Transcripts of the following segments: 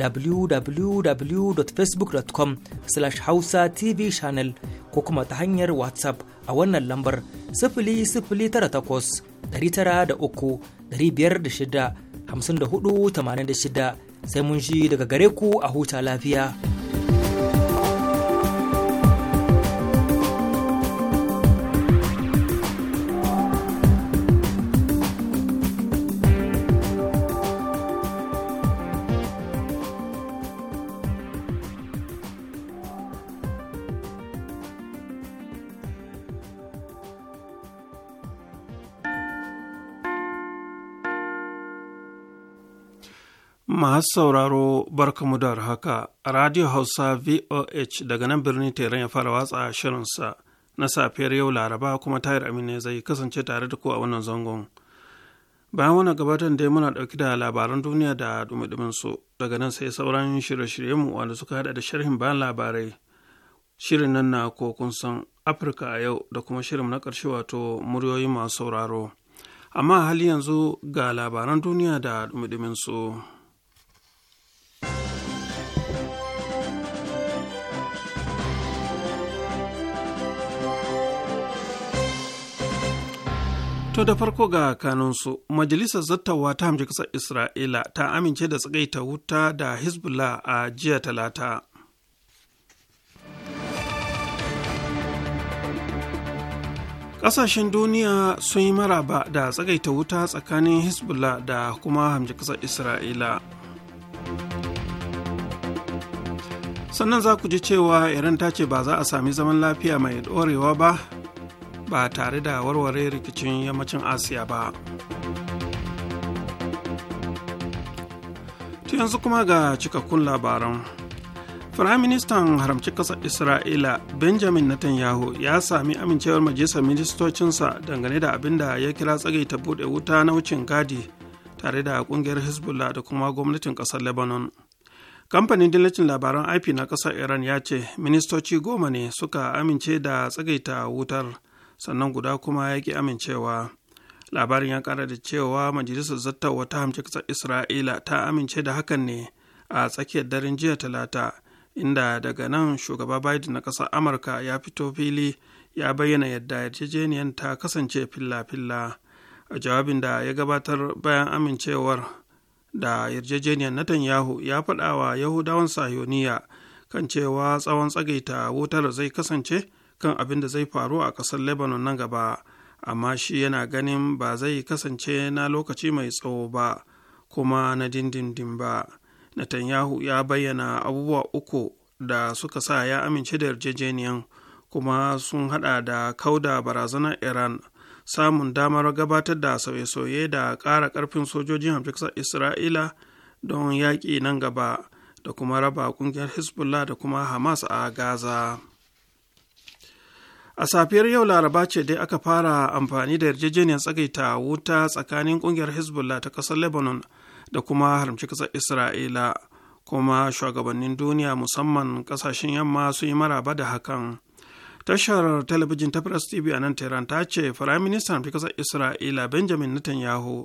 www.facebook.com slash hausa tv channel ko kuma ta hanyar whatsapp a wannan lambar 00800 503 506 5486 sai mun shi daga gare ku a huta lafiya. Masu sauraro barkamu da haka a Radio Hausa VOH daga nan birnin Teran ya fara watsa shirinsa na safiyar yau Laraba kuma tayar amina zai kasance tare da ku a wannan zangon. Bayan wannan gabatar dai muna ɗauki da labaran duniya da dumi su daga nan sai sauran shirye mu wanda suka hada da sharhin bayan labarai. Shirin nan na kokun san Afirka a yau da kuma shirin na karshe wato muryoyin masu sauraro. Amma hali yanzu ga labaran duniya da dumi su. To da farko ga kanunsu, Majalisar Zattawa ta hamji ƙasar Isra'ila ta amince da tsagaita wuta da Hezbollah a jiya talata. Ƙasashen duniya sun yi maraba da tsagaita wuta tsakanin Hezbollah da kuma hamji ƙasar Isra'ila. Sannan za ku ji cewa Iran ta ce ba za a sami zaman lafiya mai ɗorewa ba ba tare da warware rikicin yammacin asiya ba tu yanzu kuma ga cikakkun labaran Firaministan haramci ƙasar Isra'ila Benjamin Netanyahu ya sami amincewar majalisar ministocinsa dangane da abinda ya kira tsagaita buɗe wuta na wucin gadi tare da ƙungiyar Hezbollah da kuma gwamnatin ƙasar Lebanon. Kamfanin dillacin labaran IP na ƙasar Iran ya ce ministoci goma ne suka amince da tsagaita wutar sannan guda kuma ya ki amincewa labarin ya kara da cewa majalisar zattawa ta hamci ƙasar isra'ila ta amince da hakan ne a tsakiyar daren jiya talata inda daga nan shugaba biden na ƙasar amurka ya fito fili ya bayyana yadda yarjejeniyar ta kasance filla-filla a jawabin da ya gabatar bayan amincewar da yarjejeniyar Netanyahu ya faɗa Yahudawan Sayoniya kan cewa tsawon tsagaita wutar zai kasance kan abin da zai faru a ƙasar lebanon nan gaba amma shi yana ganin ba zai kasance na lokaci mai tsawo ba kuma na dindindin ba netanyahu ya bayyana abubuwa uku da suka sa ya amince da yarjejeniyan kuma sun hada da kauda barazanar iran samun damar gabatar da sauye-sauye da ƙara karfin sojojin hamsar isra'ila don yaƙi nan gaba da kuma raba ƙungiyar hezbollah da kuma hamas a gaza a safiyar yau laraba ce dai aka fara amfani da yarjejeniyar tsagaita wuta tsakanin kungiyar hezbollah ta kasar lebanon da kuma haramci kasar isra'ila kuma shugabannin duniya musamman kasashen yamma sun yi maraba da hakan tashar talabijin ta press tv a nan tehran ta ce firayim ministan kasar isra'ila benjamin netanyahu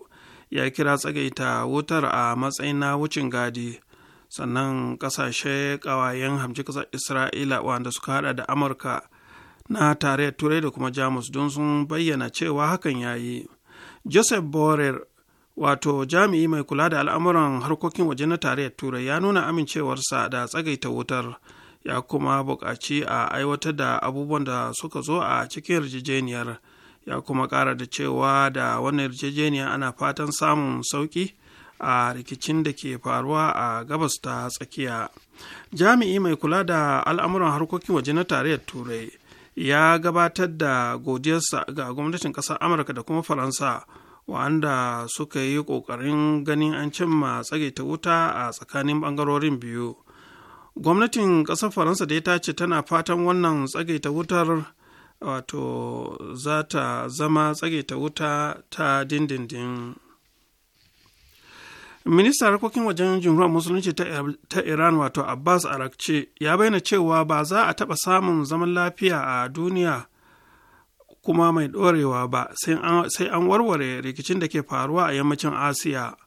ya kira tsagaita wutar a matsayin na wucin gadi sannan kasashe kawayen haramci kasar isra'ila wanda suka hada da amurka na tarayyar turai da kuma jamus don sun bayyana cewa hakan ya yi joseph borer wato jami'i mai kula da al'amuran harkokin waje na tarayyar turai ya nuna amincewarsa da tsagaita wutar ya kuma buƙaci a aiwatar da abubuwan da suka zo a cikin yarjejeniyar ya kuma ƙara da cewa da wannan yarjejeniya ana fatan samun sauƙi a rikicin da ke faruwa a gabas ta tsakiya jami'i mai kula da al'amuran harkokin waje na tarayyar turai ya gabatar da godiyarsa ga gwamnatin ƙasar amurka da kuma faransa wanda suka yi ƙoƙarin ganin an cimma tsagaita wuta a tsakanin ɓangarorin biyu gwamnatin ƙasar faransa da ta ce tana fatan wannan tsagaita wutar wato za ta zama tsagaita wuta ta dindindin ministan harkokin wajen jumhuriyar musulunci er-, ta iran wato abbas arakce ya bayyana cewa ba za a taɓa samun zaman lafiya a duniya kuma mai ɗorewa ba sai an warware rikicin da ke faruwa a yammacin asiya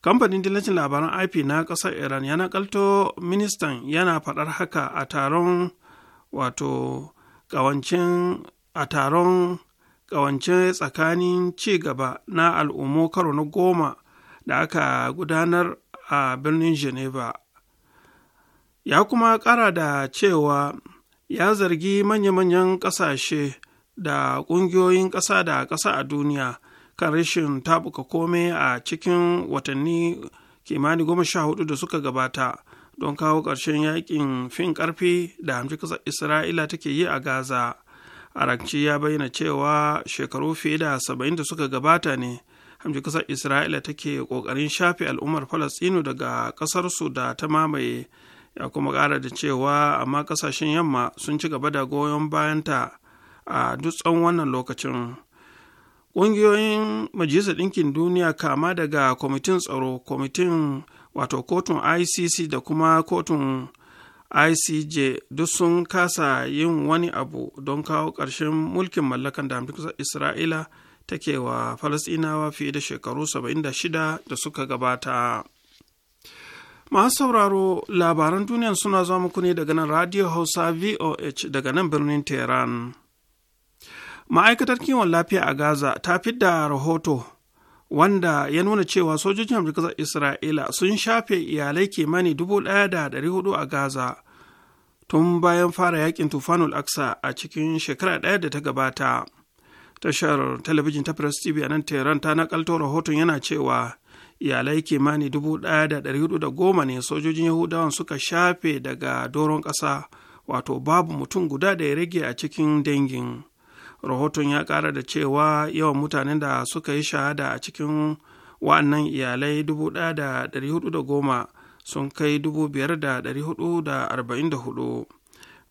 kamfanin dillacin labaran ip na ƙasar iran ya nakalto ministan yana faɗar haka a taron wato ƙawancin a taron ƙawance tsakanin ci gaba na al'ummo karo na goma da aka gudanar a birnin geneva ya kuma kara da cewa ya zargi manya-manyan ƙasashe da ƙungiyoyin ƙasa da ƙasa a duniya kan rashin tabuka kome a cikin watanni kimani goma sha hudu da suka gabata don kawo ƙarshen yakin fin ƙarfi da hamshi isra'ila take yi a gaza arakci ya bayyana cewa shekaru fiye da saba'in da suka gabata ne hamji kasar isra'ila take kokarin shafe al'ummar falastinu daga kasarsu da ta mamaye ya kuma kara da cewa amma kasashen yamma sun ci gaba da goyon bayanta a dutsen wannan lokacin ƙungiyoyin majalisar ɗinkin duniya kama daga kwamitin tsaro kwamitin wato kotun icc da kuma kotun icj duk sun kasa yin wani abu don kawo ƙarshen mulkin mallakan da kasar isra'ila take wa falasɗinawa fiye da shekaru 76 da suka gabata masu sauraro labaran duniya suna zuwa muku ne daga nan radio hausa voh daga nan birnin tehran ma'aikatar kiwon lafiya a gaza ta fi da rahoto wanda ya nuna cewa sojojin amurka isra'ila sun shafe iyalai kimani 1,400 a gaza tun bayan fara yakin tufanul aksa a cikin shekara ɗaya da ta gabata tashar talabijin ta press tv a nan tehran ta nakalto rahoton yana cewa iyalai kimani dubu ne sojojin yahudawan suka shafe daga doron ƙasa wato babu mutum guda da ya rage a cikin dangin rahoton ya ƙara da cewa yawan mutanen da suka yi shahada a cikin wa'annan iyalai dubu sun kai dubu biyar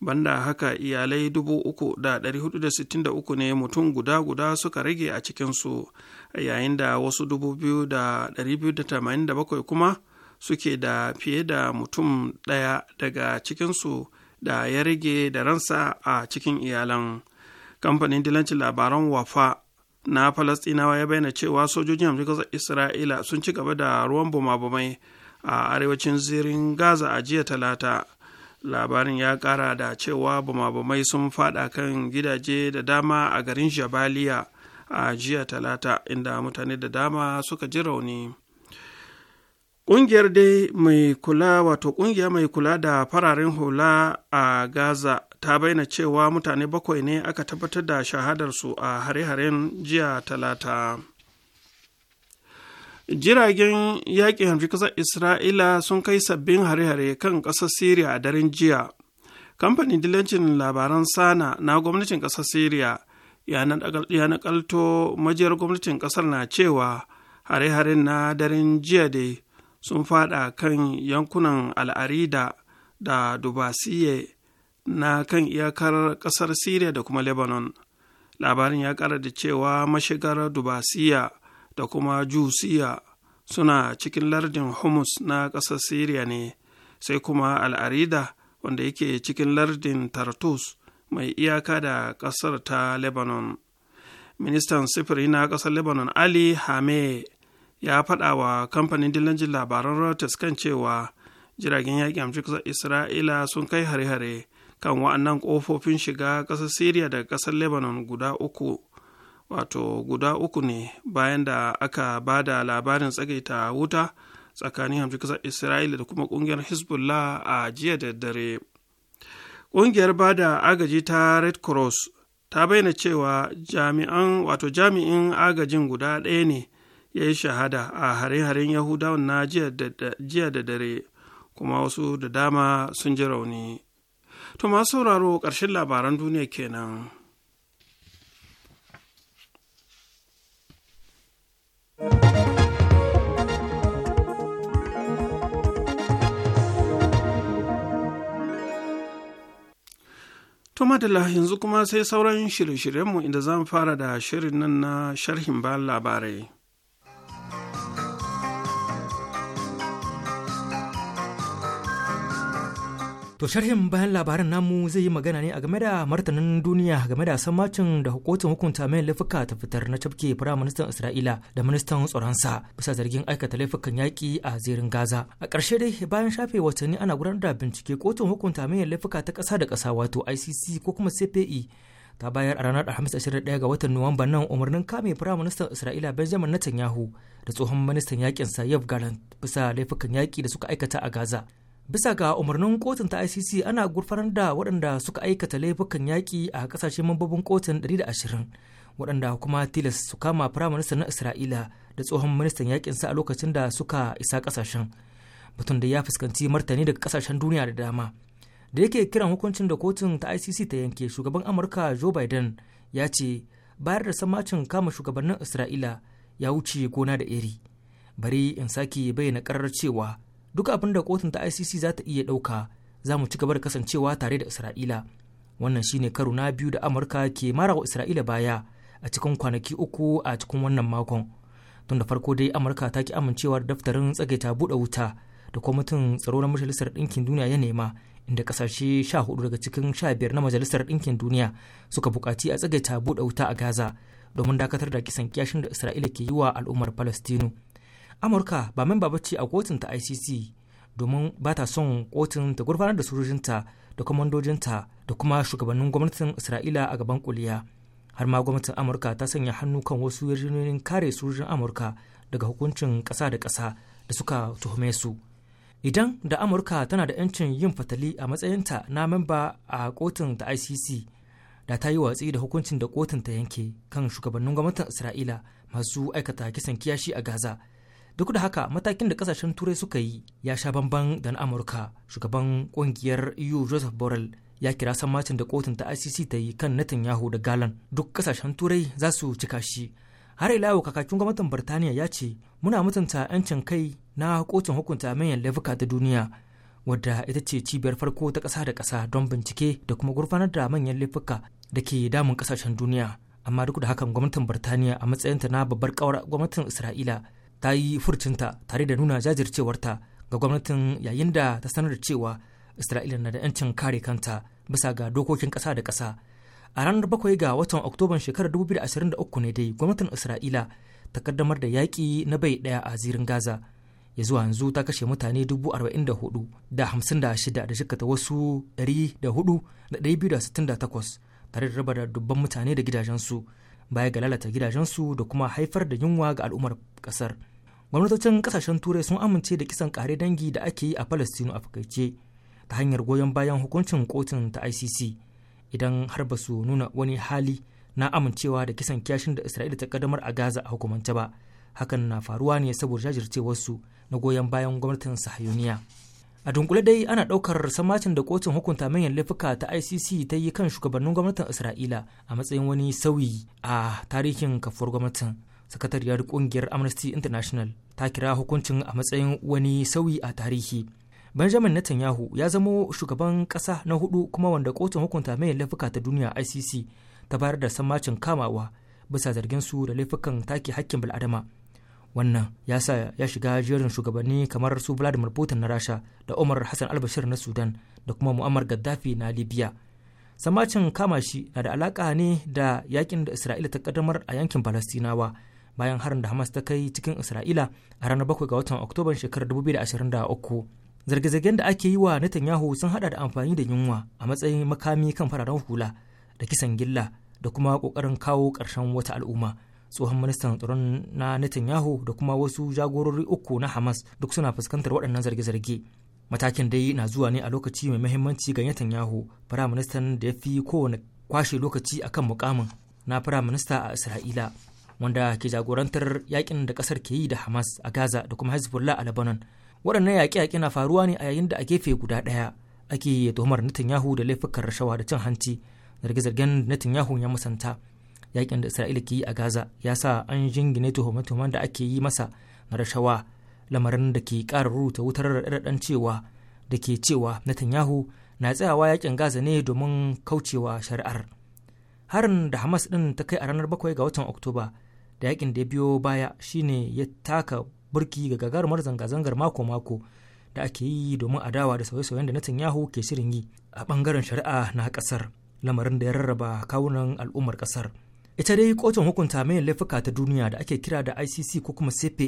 banda haka iyalai 3,463 ne mutum guda-guda suka rage a cikinsu yayin da wasu 2,287 kuma suke da fiye da mutum ɗaya daga cikinsu da ya rage da ransa a cikin iyalan kamfanin dilancin labaran wafa na falastinawa ya bayyana cewa sojojin amurka isra'ila sun ci gaba da ruwan bumabumai a arewacin zirin gaza a jiya talata labarin ya kara da cewa bama-bamai sun fada kan gidaje da dama a garin jabaliya a jiya talata inda mutane da dama suka ji rauni ƙungiyar dai mai kula wato ƙungiya mai kula da fararen hula a gaza ta bayyana cewa mutane bakwai ne aka tabbatar da shahadarsu a hare-haren jiya talata jiragen yaƙin hamshi ƙasar isra'ila sun kai sabbin hare-hare kan ƙasar syria a daren jiya kamfanin dilancin labaran sana na gwamnatin ƙasar syria ya nakalto majiyar gwamnatin ƙasar na cewa hare-haren na daren jiya dai sun fada kan yankunan al'arida da dubasiye na kan iyakar ƙasar syria da kuma lebanon labarin ya ƙara da cewa mashigar dubasiya da kuma jusiya suna cikin lardin humus na ƙasar syria ne sai kuma al'arida wanda yake cikin lardin tartus mai iyaka da ƙasar ta lebanon ministan sifiri na ƙasar lebanon ali hame ya faɗa wa kamfanin dillancin labaran reuters kan cewa jiragen yaƙi amshi ƙasar isra'ila sun kai hare-hare kan wa'annan ƙofofin shiga ƙasar syria da ƙasar lebanon guda uku wato guda uku ne bayan da aka ba da labarin tsagaita wuta tsakanin hamshi kasar isra'ila da kuma kungiyar hezbollah a jiya da dare kungiyar ba da agaji ta red cross ta bayyana cewa jami'an wato jami'in agajin guda ɗaya ne ya yi shahada a hare-haren yahudawan na jiya da dare kuma wasu da dama sun ji rauni to masu sauraro ƙarshen labaran duniya kenan. To madalla yanzu kuma sai sauran shirye-shiryenmu inda zan fara da shirin nan na sharhin bayan labarai. To sharhin bayan labaran namu zai yi magana ne a game da martanin duniya game da sammacin da kotun hukunta mai laifuka ta fitar na cafke ministan Isra'ila da ministan tsaronsa bisa zargin aikata laifukan yaƙi a zirin Gaza. A ƙarshe dai bayan shafe watanni ana gudanar da bincike kotun hukunta mai laifuka ta ƙasa da ƙasa wato ICC ko kuma CPE ta bayar a ranar Alhamis 21 ga watan Nuwamba nan umarnin kame Firaministan Isra'ila Benjamin Netanyahu da tsohon ministan yakin sa Yav bisa laifukan yaƙi da suka aikata a Gaza. bisa ga umarnin kotun ta icc ana gurfanar da waɗanda suka aikata laifukan yaƙi a ƙasashen mambobin kotun 120 waɗanda kuma tilas su kama firaministan na isra'ila da tsohon ministan yaƙinsa a lokacin da suka isa ƙasashen batun da ya fuskanci martani daga ƙasashen duniya da dama da yake kiran hukuncin da kotun ta icc ta yanke shugaban amurka joe biden ya ce bayar da samacin kama shugabannin isra'ila ya wuce gona da iri bari in sake bayyana karar cewa duk abin da kotun ta ICC za ta iya ɗauka za mu ci gaba da kasancewa tare da Isra'ila. Wannan shine karo na biyu da Amurka ke mara wa Isra'ila baya a cikin kwanaki uku a cikin wannan makon. Tun da farko dai Amurka ta ki amincewa da daftarin tsagaita buɗe wuta da kwamitin tsaro na Majalisar dinkin Duniya ya nema inda kasashe sha hudu daga cikin sha biyar na Majalisar Ɗinkin Duniya suka bukaci a tsagaita buɗe wuta a Gaza domin dakatar da kisan kiyashin da Isra'ila ke yi wa al'ummar Falastinu. amurka ba memba bace a kotun ta icc domin ba ta son kotun ta gurfanar da sojojinta da kwamandojinta da kuma shugabannin gwamnatin isra'ila a gaban kuliya har ma gwamnatin amurka ta sanya hannu kan wasu yarjejeniyoyin kare sojojin amurka daga hukuncin kasa da kasa da suka tuhume su idan da amurka tana da 'yancin yin fatali a matsayinta na memba a kotun ta icc da ta yi watsi da hukuncin da kotun ta yanke kan shugabannin gwamnatin isra'ila masu aikata kisan kiyashi a gaza duk da haka matakin da kasashen turai suka yi ya sha bamban da na amurka shugaban kungiyar eu joseph borrell ya kira sammacin da kotun ta icc ta yi kan netanyahu da galan duk kasashen turai za su cika shi har ila yau kakakin gwamnatin birtaniya ya ce muna mutunta 'yancin kai na kotun hukunta manyan laifuka ta duniya wadda ita ce cibiyar farko ta kasa da kasa don bincike da kuma gurfanar da manyan laifuka da ke damun kasashen duniya amma duk da hakan gwamnatin birtaniya a matsayinta na babbar kawar gwamnatin isra'ila ta yi furcinta tare da nuna jajircewarta ga gwamnatin yayin da ta sanar da cewa isra'ila na da 'yancin kare kanta bisa ga dokokin ƙasa da ƙasa a ranar bakwai ga watan oktoban shekarar 2023 ne dai gwamnatin isra'ila ta kaddamar da yaƙi na bai ɗaya a zirin gaza ya zuwa yanzu ta kashe mutane 44,056 da jikata wasu 400,268 tare da raba da dubban mutane da gidajensu baya ga lalata gidajensu da kuma haifar da yunwa ga al'ummar kasar gwamnatocin kasashen turai sun amince da kisan kare dangi da ake yi a palestino a fakaice ta hanyar goyon bayan hukuncin kotun ta icc idan har ba su nuna wani hali na amincewa da kisan kiyashin da isra'ila ta kaddamar a gaza a hukumance ba hakan na faruwa ne saboda jajircewarsu na goyon bayan gwamnatin sahayuniya a dunkule dai ana ɗaukar samacin da kotun hukunta manyan laifuka ta icc ta yi kan shugabannin gwamnatin isra'ila a matsayin wani sauyi a tarihin kafuwar gwamnatin sakatariyar kungiyar amnesty international ta kira hukuncin a matsayin wani sauyi a tarihi benjamin netanyahu ya zamo shugaban kasa na hudu kuma wanda kotun hukunta manyan laifuka ta duniya icc ta bayar da samacin kamawa bisa zargin su da laifukan take hakkin bil'adama wannan ya sa ya shiga jerin shugabanni kamar su vladimir putin na rasha da umar hassan albashir na sudan da kuma muammar gaddafi na libya samacin kama shi na da alaka ne da yakin da isra'ila ta kaddamar a yankin palestinawa bayan harin da hamas ta kai cikin isra'ila a ranar 7 ga watan oktoban shekarar 2023 zarge-zargen da ake yi wa Netanyahu sun hada da amfani da yunwa a matsayin makami kan fararen hula da kisan gilla da kuma kokarin kawo ƙarshen wata al'umma tsohon ministan tsaron na netanyahu da kuma wasu jagorori uku na hamas duk suna fuskantar waɗannan zarge-zarge matakin dai na zuwa ne a lokaci mai mahimmanci ga netanyahu firaministan da ya fi kowane kwashe lokaci a kan mukamin na firaminista a isra'ila wanda ke jagorantar yakin da ƙasar ke yi da hamas a gaza da kuma hezbollah a lebanon waɗannan yaƙe-yaƙe na faruwa ne a yayin da a gefe guda ɗaya ake tuhumar netanyahu da laifukan rashawa da cin hanci zarge-zargen netanyahu ya musanta yakin da isra'ila ke yi a gaza ya sa an jingine tuhume-tuhumen da ake yi masa na rashawa lamarin da ke ƙara rubuta wutar raɗaɗan cewa da ke cewa netanyahu na tsayawa yakin gaza ne domin kaucewa shari'ar harin da hamas ɗin ta kai a ranar 7 ga watan oktoba da yakin da ya biyo baya shine ya taka burki ga gagarumar zanga-zangar mako-mako da ake yi domin adawa da sauye-sauyen da Netanyahu ke shirin yi a bangaren shari'a na kasar lamarin da ya rarraba kawunan al'ummar kasar. ita dai kotun hukunta mai laifuka ta duniya da ake kira da icc ko kuma cpe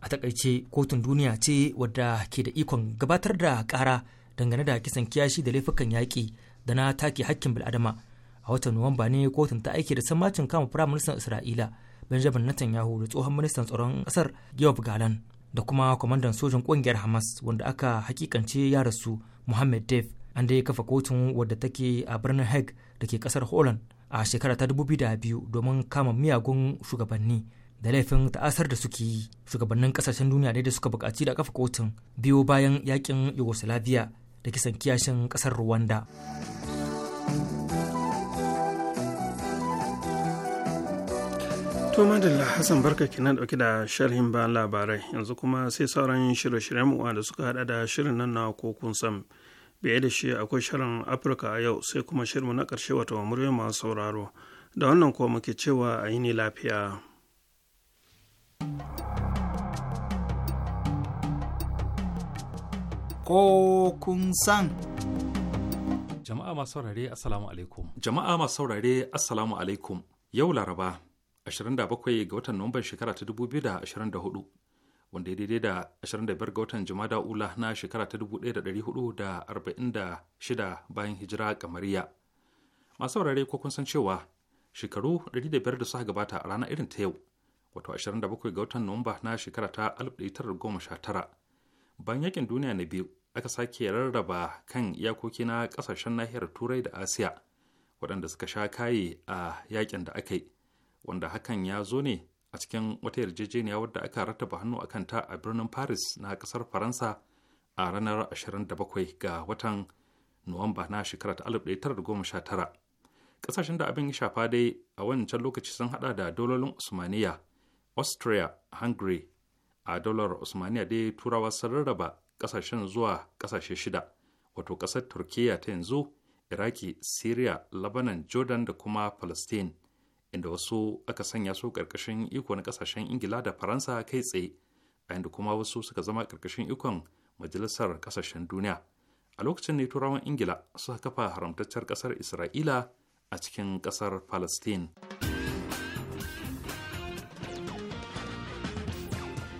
a takaice kotun duniya ce wadda ke da ikon gabatar da kara dangane da kisan kiyashi da laifukan yaƙi da na take hakkin bil'adama a watan nuwamba ne kotun ta aiki da sammacin kama firayim isra'ila benjamin netanyahu da tsohon ministan tsaron ƙasar yob galan da kuma kwamandan sojan ƙungiyar hamas wanda aka hakikance ya rasu muhammad dave an dai kafa kotun wadda take a birnin hague da ke ƙasar holland a shekara ta 2002 domin kama miyagun shugabanni da laifin ta'asar da suke yi shugabannin kasashen duniya ne da suka bukaci da kafa kotun biyo bayan yakin yugoslavia da kisan kiyashin kasar rwanda to madalla hassan barka na dauke da sharhin ba labarai yanzu kuma sai sauran shirye-shiryen da suka hada da shirin nan na kokun sam biye da shi akwai shirin afirka a yau sai kuma shirinmu na ƙarshe wata murya masu sauraro da wannan kuwa muke cewa a yi ne lafiya ko kun san jama'a masu saurare assalamu alaikum jama'a masu saurare assalamu alaikum yau laraba 27 ga watan nuwamban shekara ta 2024 wanda ya daidai da 25 ga watan jumada ula na shekara ta 1446 bayan hijira kamariya masu saurare ko kun san cewa shekaru 500 da suka gabata a rana irin ta yau wato 27 ga watan nuwamba na shekara ta 1919 bayan yakin duniya na biyu aka sake rarraba kan iyakoki na kasashen nahiyar turai da asiya waɗanda suka sha kaye a yakin da aka yi wanda hakan ya zo ne a cikin wata yarjejeniya wadda aka rattaba hannu a kanta a birnin paris na kasar faransa a ranar 27 ga watan nuwamba na shekarar 1919 kasashen da abin ya shafa dai a wancan lokaci sun hada da dalolin usmaniya austria hungary a dolar usmaniya dai turawa sun rarraba kasashen zuwa kasashe shida wato kasar turkiya ta yanzu iraki syria lebanon jordan da kuma palestine inda wasu aka sanya su ƙarƙashin iko na ƙasashen ingila da faransa kai tsaye a inda kuma wasu suka zama ƙarƙashin ikon majalisar ƙasashen duniya a lokacin ne turawan ingila suka kafa haramtaccen ƙasar isra'ila a cikin ƙasar palestine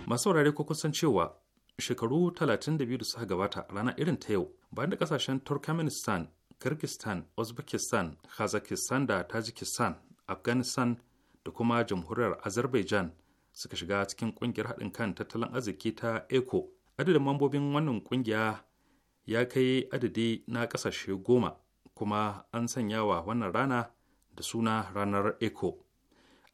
masu wurare ko kusan cewa shekaru 32 da suka gabata rana irin ta yau bayan da ƙasashen turkmenistan kirgistan uzbekistan kazakistan da tajikistan afghanistan da kuma jamhuriyar azerbaijan suka shiga cikin kungiyar haɗin kan tattalin arziki ta Eko. adadin mambobin wannan kungiya ya kai adadi na ƙasashe goma kuma an sanya wa wannan rana da suna ranar Eko.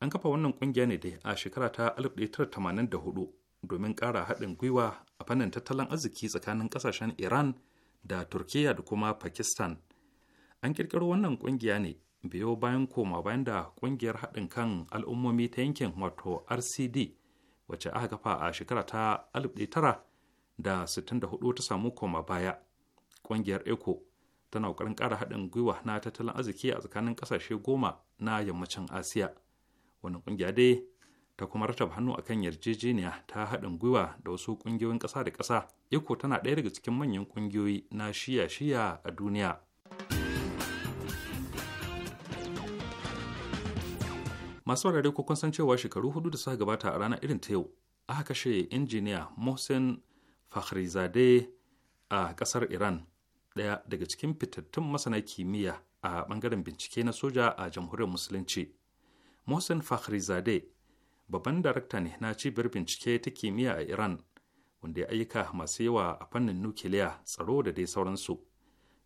an kafa wannan kungiya ne dai a shekara ta 1984 domin ƙara haɗin gwiwa a fannin tattalin arziki tsakanin ƙasashen iran da Turkiyya da kuma pakistan an ƙirƙiro wannan ƙungiya ne biyo bayan koma bayan da kungiyar haɗin kan al'ummomi ta yankin wato rcd wacce aka kafa a shekara ta 1964 ta samu koma baya kungiyar eco tana ƙoƙarin ƙara haɗin gwiwa na tattalin arziki a tsakanin ƙasashe goma na yammacin asiya wannan ƙungiya dai ta kuma rataba hannu a kan yarjejeniya ta haɗin gwiwa da wasu ƙungiyoyin ƙasa da ƙasa eco tana ɗaya daga cikin manyan ƙungiyoyi na shiya-shiya a duniya. masu wadare ko kun san cewa shekaru hudu da suka gabata a ranar irin ta yau aka kashe injiniya mohsen fakhrizade a kasar iran daya daga cikin fitattun masana kimiyya a bangaren bincike na soja a jamhuriyar musulunci mohsen fakhrizade babban darakta ne na cibiyar bincike ta kimiyya a iran wanda ya ayyuka masu yawa a fannin nukiliya tsaro da dai sauransu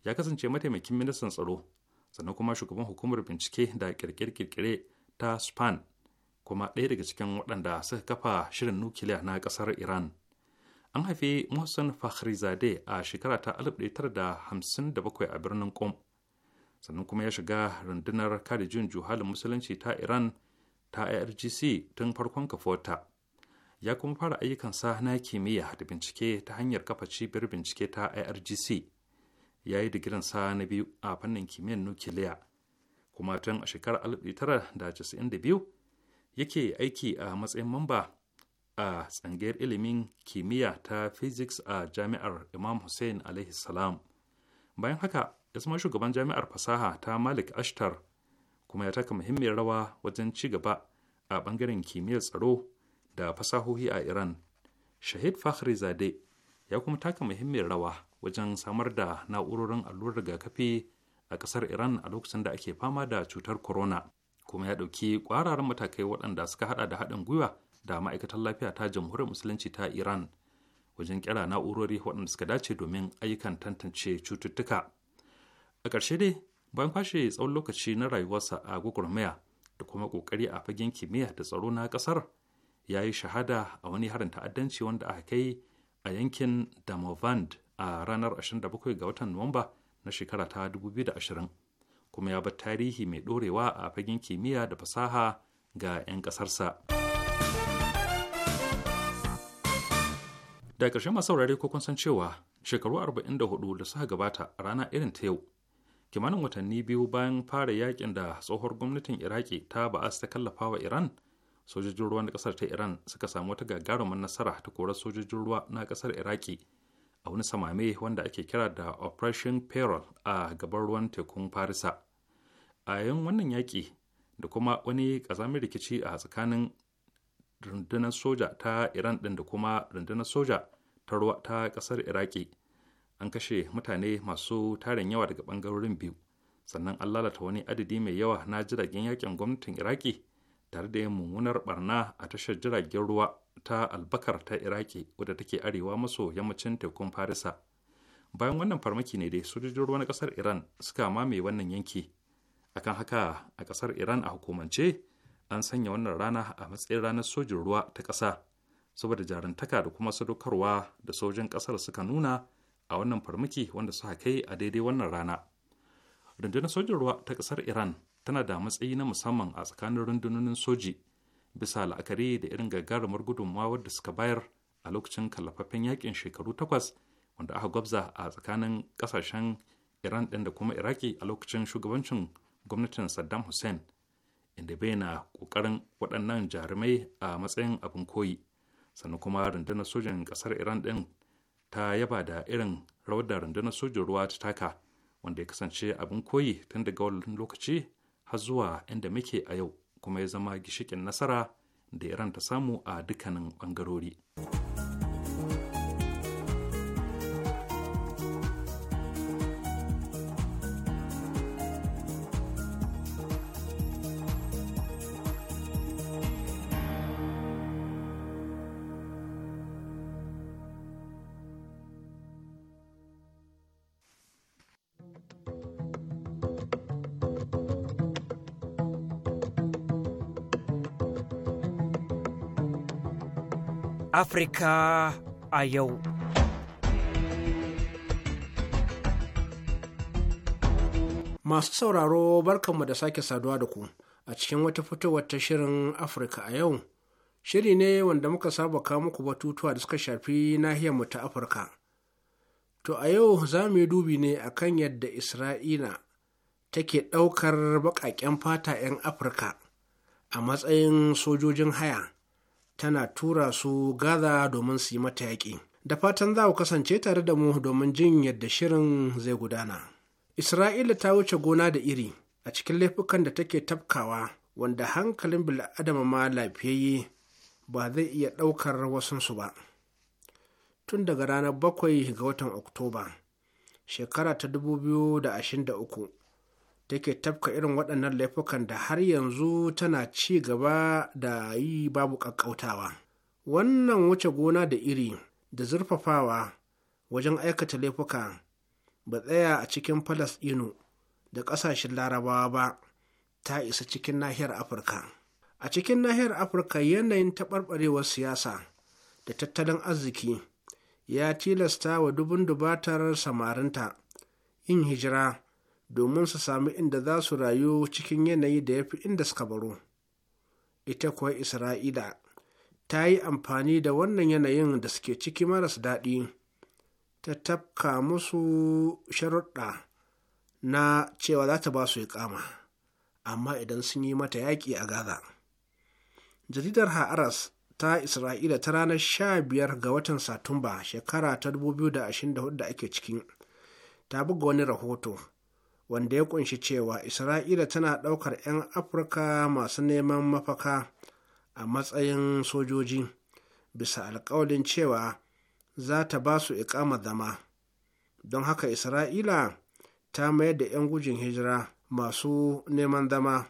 ya kasance mataimakin ministan tsaro sannan kuma shugaban hukumar bincike da kirkire-kirkire ta span kuma ɗaya daga cikin waɗanda suka kafa shirin nukiliya na ƙasar iran an haifi mohsen fakhrizadeh a shekara ta 1957 a birnin qom sannan kuma ya shiga rundunar kare juhalin musulunci ta iran ta irgc tun farkon kafota ya kuma fara ayyukan sa na kimiyya da bincike ta hanyar kafa cibiyar bincike ta irgc ya yi sa na biyu a fannin kimiyyar nukiliya kuma tun a shekarar 1992 yake aiki a matsayin mamba a tsangayar ilimin kimiyya ta physics a jami'ar imam hussein alaihi salam bayan haka ya zama shugaban jami'ar fasaha ta malik ashtar kuma ya taka muhimmiyar rawa wajen ci gaba a bangaren kimiyyar tsaro da fasahohi a iran shahid fakhri zade ya kuma taka muhimmiyar rawa wajen samar da na'urorin allurar rigakafi a ƙasar iran a lokacin da ake fama da cutar corona kuma ya ɗauki ƙwararren matakai waɗanda suka haɗa da haɗin gwiwa da ma'aikatan lafiya ta jamhuriyar musulunci ta iran wajen kira na'urori waɗanda suka dace domin ayyukan tantance cututtuka a ƙarshe dai bayan kwashe tsawon lokaci na rayuwarsa a gwagwarmaya da kuma ƙoƙari a fagen kimiyya da tsaro na ƙasar ya yi shahada a wani harin ta'addanci wanda aka kai a yankin damovand a ranar 27 ga watan nuwamba na shekara ta 2020 kuma ya bar tarihi mai ɗorewa a fagen kimiyya da fasaha ga 'yan ƙasarsa. Da ƙarshen masu saurare ko kun san cewa shekaru 44 da suka gabata a rana irin ta yau, kimanin watanni biyu bayan fara yakin da tsohuwar gwamnatin Iraki ta ba'as ta kallafa wa Iran, sojojin ruwa na ƙasar ta Iran suka samu wata gagarumin nasara ta korar sojojin ruwa na ƙasar Iraki a wani samame wanda ake kira da operation peril a gabar ruwan tekun farisa a yin wannan yaƙi da kuma wani ƙazamin rikici a tsakanin rundunar soja ta iran ɗin da kuma rundunar soja ta ruwa ta ƙasar iraki an kashe mutane masu tarin yawa daga ɓangarorin biyu sannan an lalata wani adadi mai yawa na jiragen yaƙin gwamnatin iraki tare da yin mummunar barna a tashar jiragen ruwa ta albakar ta iraki wadda take arewa maso yammacin tekun farisa bayan wannan farmaki ne dai sojojin ruwa na kasar iran suka mame wannan yanki akan haka a kasar iran a hukumance an sanya wannan rana a matsayin ranar sojin ruwa ta kasa saboda jarantaka da kuma sadaukarwa da sojin kasar suka nuna a wannan farmaki wanda suka kai a daidai wannan rana rundunar sojin ruwa ta kasar iran tana da matsayi na musamman a tsakanin rundunonin soji bisa la'akari da irin gagarumar gudunmawar da suka bayar a lokacin kallafaffen yakin shekaru takwas wanda aka gwabza a tsakanin kasashen iran ɗin da kuma iraki a lokacin shugabancin gwamnatin saddam hussein inda bai na ƙoƙarin waɗannan jarumai a matsayin abin koyi sannan kuma rundunar sojan ƙasar iran ɗin ta yaba da irin rawar da rundunar sojin ruwa ta taka wanda ya kasance abin koyi tun daga wani lokaci har zuwa inda muke a yau kuma ya zama gishikin nasara da iran ta samu a dukkanin ɓangarori. Afirka a yau. Masu sauraro barkanmu da sake saduwa da ku a cikin wata fitowar ta shirin Afirka a yau. Shiri ne wanda muka saba kawo muku batutuwa da suka shafi nahiyarmu ta Afirka. To a yau za mu yi dubi ne a kan yadda Isra'ila take ɗaukar baƙaƙen fata 'yan Afirka a matsayin sojojin haya tana tura su gaza domin su yi mata yaƙi da fatan za ku kasance tare da mu domin jin yadda shirin zai gudana isra'ila ta wuce gona da iri a cikin laifukan da take tafkawa wanda hankalin bil'adama ma lafiyayye ba zai iya ɗaukar wasunsu ba tun daga ranar bakwai ga watan oktoba shekara ta 2023 take tafka irin waɗannan laifukan da har yanzu tana ci gaba da yi babu ƙaƙƙautawa. Wannan wuce gona da iri da zurfafawa wajen aikata laifuka ba tsaya a cikin Falasɗinu da ƙasashen Larabawa ba ta isa cikin nahiyar Afirka. A cikin nahiyar Afirka yanayin taɓarɓarewar siyasa da tattalin arziki ya tilasta wa dubun dubatar samarinta yin hijira domin su sami inda za su rayu cikin yanayi da ya fi inda suka baro ita kuwa isra'ila ta yi amfani da wannan yanayin da suke ciki maras daɗi ta tafka musu sharuɗa na cewa za ta ba su kama, amma idan sun yi mata yaƙi a gaza jaridar ha'aras ta isra'ila ta ranar sha-biyar ga watan satumba shekara ta 2024 da ake cikin, ta buga wani rahoto wanda ya kunshi cewa isra'ila tana ɗaukar 'yan afirka masu neman mafaka a matsayin sojoji bisa alkawalin cewa za ta ba su ikama zama don haka isra'ila ta mayar da 'yan gujin hijira masu neman zama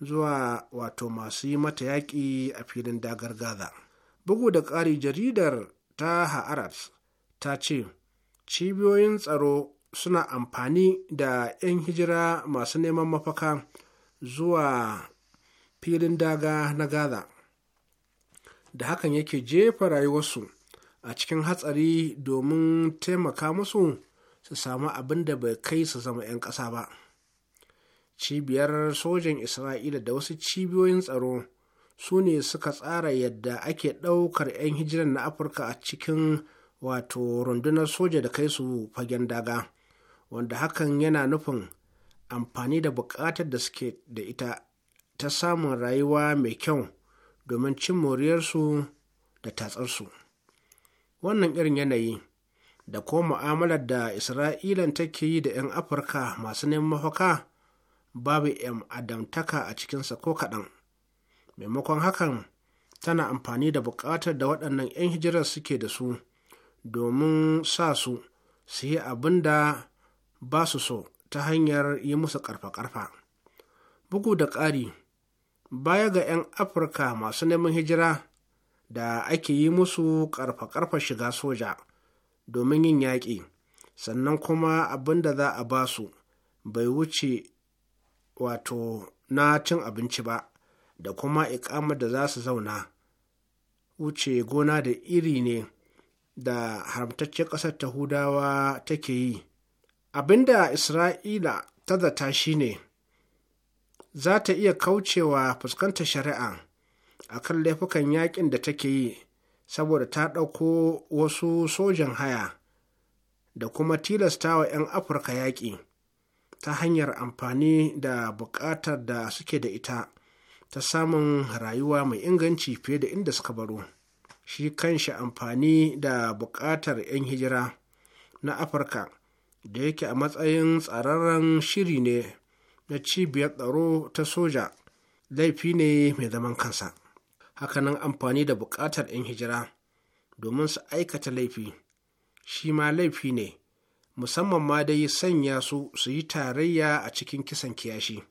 zuwa wato masu yi mata yaƙi a filin dagar gaza bugu da ƙari jaridar ta ha'arat ta ce cibiyoyin tsaro suna amfani da 'yan hijira masu neman mafaka zuwa filin daga na gaza da hakan yake jefa rayuwarsu a cikin hatsari domin taimaka musu su samu abin da bai kai su zama 'yan ƙasa ba cibiyar sojan isra'ila da wasu cibiyoyin tsaro su ne suka tsara yadda ake ɗaukar 'yan hijiran na afirka a cikin wato rundunar soja da kai su fagen daga wanda hakan yana nufin amfani da buƙatar da suke da ita ta samun rayuwa mai kyau domin cin moriyarsu da tatsarsu wannan irin yanayi da ko mu'amalar da isra'ilan take yi da 'yan afirka masu neman mafaka babu 'yan adamtaka a cikinsa ko kaɗan maimakon hakan tana amfani da buƙatar da waɗannan 'yan hijirar suke da su domin sa su su yi abin da ba su so ta hanyar yi musu ƙarfa-ƙarfa. Bugu da ƙari, baya ga 'yan Afirka masu neman hijira da ake yi musu ƙarfa-ƙarfa shiga soja domin yin yaƙi, sannan kuma abin da za a ba su bai wuce wato na cin abinci ba da kuma iƙamar da za su zauna. Wuce gona da iri ne da haramtaccen ƙasar hudawa take yi. abinda isra'ila ta zata shi ne, za ta iya kaucewa fuskantar shari'a a kan laifukan yaƙin da take yi saboda ta ɗauko wasu sojan haya da kuma tilastawa 'yan afirka yaƙi ta hanyar amfani da buƙatar da suke da ita ta samun rayuwa mai inganci fiye da inda suka baro shi kanshi amfani da buƙatar 'yan hijira na afirka da yake a matsayin tsararren shiri ne na cibiyar tsaro ta soja laifi ne mai zaman kansa hakanan amfani da bukatar 'yan hijira domin su aikata laifi shi ma laifi ne musamman ma dai sanya su su yi tarayya a cikin kisan kiyashi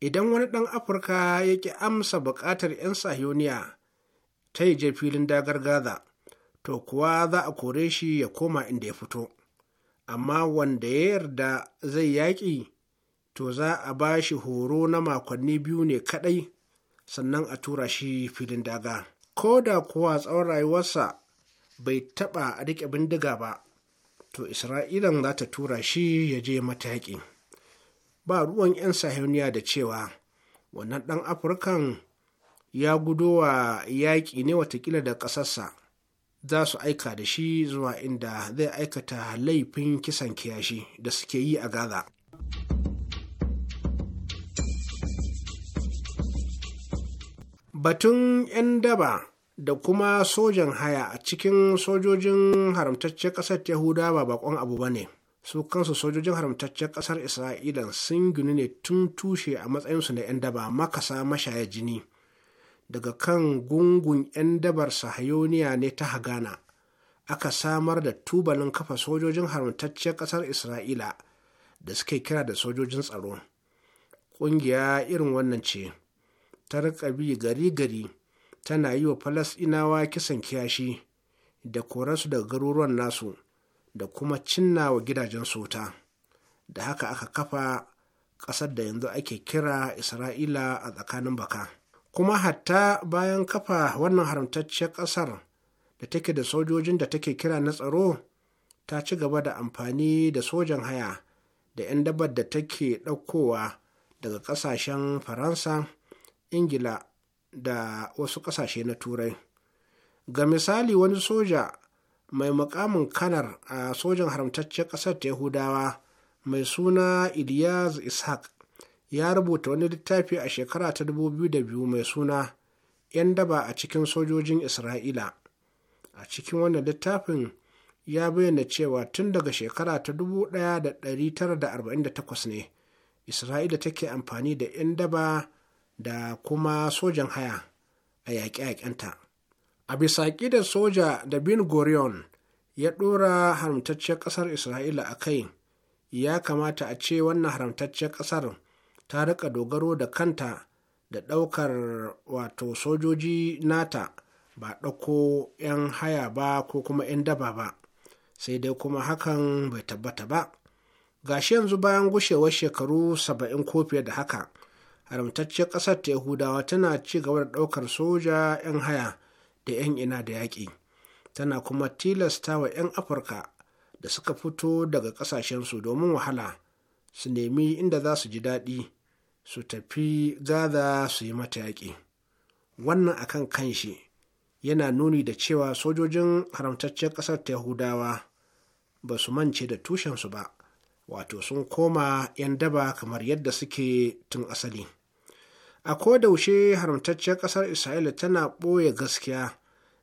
idan wani ɗan afirka ya ƙi amsa bukatar 'yan sahiyoniya ta yi je filin dagar gaza to kuwa za a kore shi ya koma inda ya fito amma wanda ya yarda zai yaƙi to za a ba shi horo na makonni biyu ne kaɗai sannan a tura shi filin daga ko da kuwa tsawon rayuwarsa bai taɓa riƙe bindiga ba to isra'ilan za ta tura shi ya je mataki ba ruwan 'yan sahiyoniya da cewa wannan ɗan afirkan ya gudowa yaƙi ne watakila da ƙasarsa za su aika da shi zuwa inda zai aikata laifin kisan kiyashi da suke yi a gaza batun 'yan daba da kuma sojan haya a cikin sojojin haramtaccen ƙasar yahuda ba bakon abu ba ne su kansu sojojin haramtaccen ƙasar isra'ila sun gini ne tun tushe a matsayinsu na 'yan daba makasa mashaya jini daga kan gungun 'yan dabar sahayoniya ne ta Hagana, aka samar da tubalin kafa sojojin haramtacciyar ƙasar Isra'ila da suke kira da sojojin tsaro. Ƙungiya irin wannan ce, ta riƙa bi gari-gari tana yi wa Falasɗinawa kisan kiyashi da korasu daga garuruwan nasu da kuma cinna wa gidajen sota. Da haka aka kafa ƙasar da yanzu ake kira Isra'ila a tsakanin baka. kuma hatta bayan kafa wannan haramtacciyar ƙasar da take da sojojin da take kira na tsaro ta ci gaba da amfani da sojan haya da 'yan dabar da take ɗaukowa daga ƙasashen faransa ingila da wasu ƙasashe na turai ga misali wani soja mai mukamin kanar a sojan haramtacciyar ƙasar ta yahudawa mai suna iliyaz ishaq ya rubuta wani littafi a shekara ta 2002 mai suna 'yan daba a cikin sojojin isra'ila a cikin wannan littafin ya bayyana cewa tun daga shekara ta 1948 ne isra'ila take amfani da 'yan daba da kuma sojan haya a yaƙe-yaƙenta a bisa da soja da bin gorion ya ɗora haramtacciyar ƙasar isra'ila a kai ya kamata a ce wannan haramtacciyar ƙasar ta rika dogaro da kanta da ɗaukar wato sojoji nata ba ɗauko 'yan haya ba ko kuma 'yan daba ba sai dai kuma hakan bai tabbata ba gashi yanzu bayan gushewar shekaru saba'in ko fiye da haka haramtacciyar ƙasar ta yahudawa tana ci gaba da ɗaukar soja 'yan haya da 'yan ina da yaƙi tana kuma tilasta wa 'yan afirka da suka fito daga ƙasashensu domin wahala su nemi inda za su ji daɗi su tafi zaza su yi mata yaƙi wannan akan kanshi yana nuni da cewa sojojin haramtaccen ƙasar ta yahudawa ba su mance da tushensu ba wato sun koma 'yan daba kamar yadda suke tun asali a kodaushe haramtaccen ƙasar isra'ila tana ɓoye gaskiya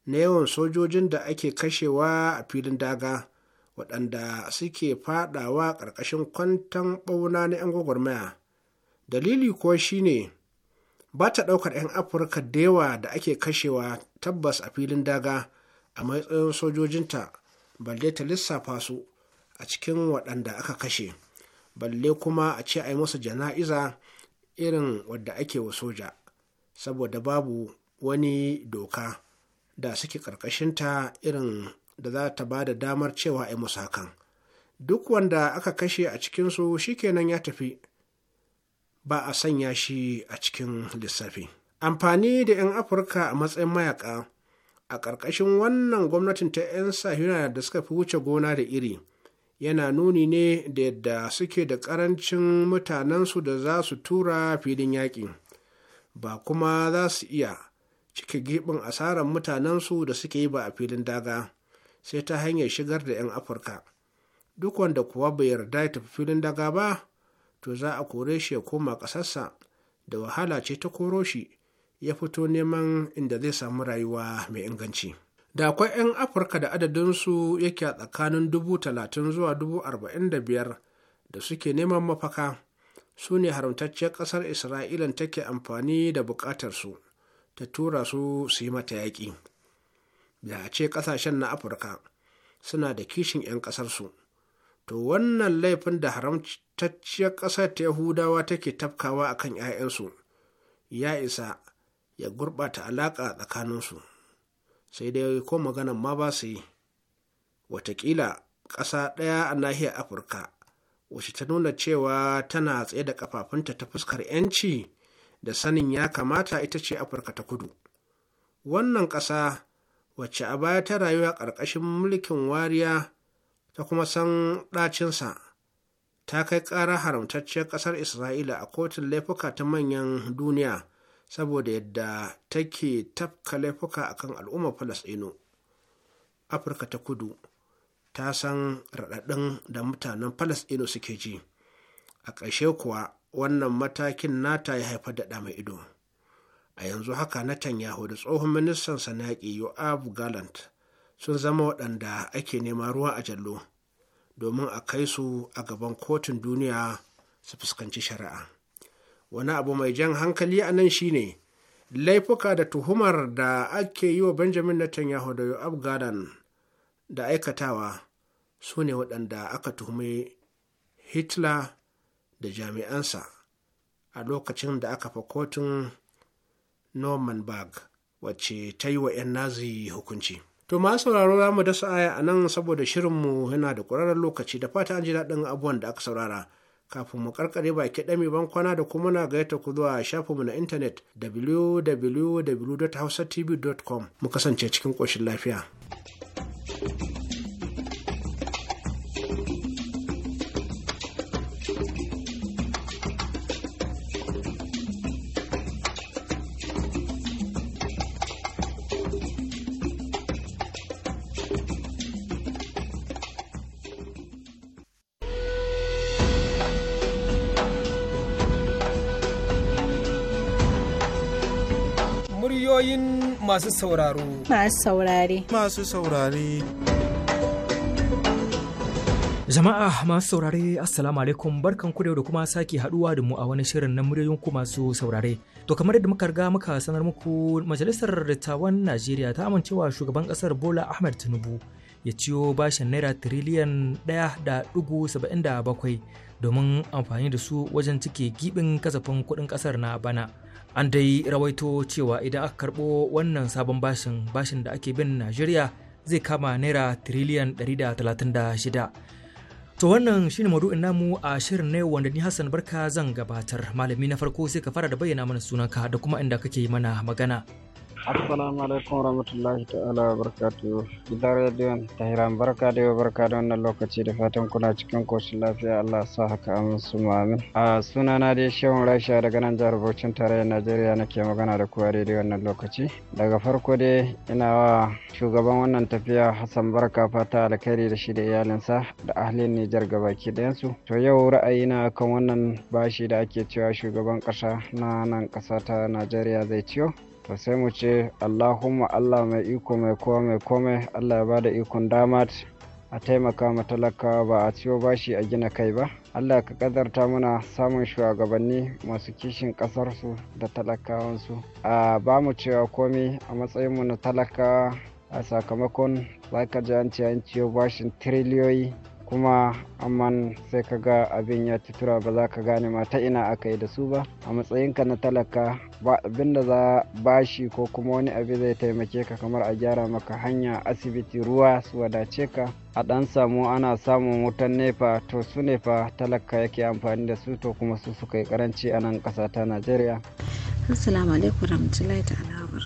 na yawan sojojin da ake kashewa a filin daga waɗanda suke faɗawa ƙarƙashin kwantan ɓauna na 'yan gwagwarmaya dalili kuwa shine ba ta ɗaukar 'yan afirka da yawa da ake kashewa tabbas a filin daga a matsayin sojojinta balle ta lissafa su a cikin waɗanda aka kashe balle kuma a ce a yi musu jana'iza irin wadda ake wa soja saboda babu wani doka da suke ƙarƙashinta irin da za ta ba da damar cewa a yi musu hakan duk wanda aka kashe a cikinsu shikenan ya tafi ba a sanya shi a cikin lissafi amfani da 'yan afirka a matsayin mayaka a ƙarƙashin wannan gwamnatin ta 'yan sahina da suka fi wuce gona da iri yana nuni ne da yadda suke da ƙarancin mutanensu da za su tura filin yaƙi ba kuma za su iya cike gibin asarar mutanensu da suke yi ba a filin daga sai ta hanyar shigar da 'yan afirka duk wanda kuwa bai yarda ya tafi filin daga ba to za a kore shi ya koma ƙasarsa da wahala ce ta koro shi ya fito neman inda zai samu rayuwa mai inganci da akwai 'yan afirka da adadinsu yake a tsakanin dubu talatin zuwa dubu arba'in da biyar da suke neman mafaka su ne haramtacciyar ƙasar isra'ilan take amfani da su, ta tura su su yi mata yaƙi da a ce ƙasashen na afirka suna da kishin 'yan ƙasarsu to wannan laifin da haramci haramtacciyar ƙasar ta yahudawa take tafkawa a kan 'ya'yansu ya isa ya gurɓata alaƙa tsakaninsu sai dai ko maganan ma ba su yi watakila ƙasa ɗaya a nahiyar afirka wacce ta nuna cewa tana tsaye da ƙafafunta ta fuskar 'yanci da sanin ya kamata ita ce afirka ta kudu wannan ƙasa wacce a baya ta rayuwa ƙarƙashin mulkin wariya ta kuma san ɗacinsa ta kai ƙara haramtacciyar ƙasar isra'ila a kotun laifuka ta manyan duniya saboda yadda take tafka laifuka a akan al'ummar falasɗinu afirka ta kudu ta san raɗaɗin da mutanen falasɗinu suke ji a ƙarshe kuwa wannan matakin nata ya haifar da ɗa mai ido a yanzu haka na Tanya da tsohon ministan sanaƙi Yoav Gallant sun zama waɗanda ake nema ruwa a jallo domin a kai su a gaban kotun duniya su fuskanci shari'a wani abu mai jan hankali a nan shine laifuka da tuhumar da ake yi wa benjamin netanyahu da yoab gadan da aikatawa su ne waɗanda aka tuhumi hitler da jami'ansa a lokacin da aka fa kotun norman wacce ta yi wa 'yan nazi hukunci To ma sauraro za mu dasa aya a nan saboda shirin mu yana da ƙwararren lokaci da fata an ji daɗin abubuwan da aka saurara. Kafin mu karkare baki ɗami ban kwana da kuma na gayyata ku zuwa mu na intanet www.hausatv.com mu kasance cikin ƙoshin lafiya. masu sauraro. Masu saurare. Masu saurare. Jama'a masu saurare Assalamu alaikum barkan ku da kuma sake haduwa da mu a wani shirin na muryoyin ku masu saurare. To kamar yadda muka riga muka sanar muku Majalisar Dattawan Najeriya ta amincewa shugaban kasar Bola Ahmed Tinubu ya ciyo bashin naira tiriliyan 1.77 domin amfani da su wajen cike gibin kasafin kuɗin kasar na bana. an dai rawaito cewa idan aka karɓo wannan sabon bashin bashin da ake bin najeriya zai kama naira tiriliyan 136 to wannan shine maudu'in namu a shirin na wanda ni hassan barka zan gabatar malami na farko sai ka fara da bayyana mana sunanka da kuma inda kake mana magana assalamu alaikum warahmatullahi ta'ala wa barakatuhu gidan rediyon tahiran barka da barka da wannan lokaci da fatan kuna cikin koshin lafiya allah sa haka amin su amin a suna na dai shehun rasha daga nan jihar bauchin tarayyar najeriya nake magana da kuwa daidai wannan lokaci daga farko dai ina wa shugaban wannan tafiya hassan barka fata alkhairi da shi da iyalinsa da ahlin nijar gabaki ɗayansu to yau ra'ayi na kan wannan bashi da ake cewa shugaban ƙasa na nan ƙasa ta najeriya zai ciyo to sai mu ce allahumma allah mai iko mai kowa mai komai allah ya ba da ikon damat a taimaka ma talakawa ba a ciwo bashi a gina kai ba allah ka kadarta muna samun shugabanni masu kishin kasarsu da talakawansu a ba mu cewa komi a matsayinmu na talakawa a sakamakon zaka ji an ciyo bashin tiriliyoyi kuma amman sai ka ga abin ya ci tura ba za ka gane ma ta ina aka yi da su ba a matsayinka na talaka ba abin da za bashi ko kuma wani abu zai taimake ka kamar a gyara maka hanya asibiti ruwa su wadace ka a ɗan samu ana samun wutan nefa to su nefa talaka yake amfani da su to kuma su suka yi karanci a nan ƙasa ta najeriya Assalamu alaikum warahmatullahi ta'ala wa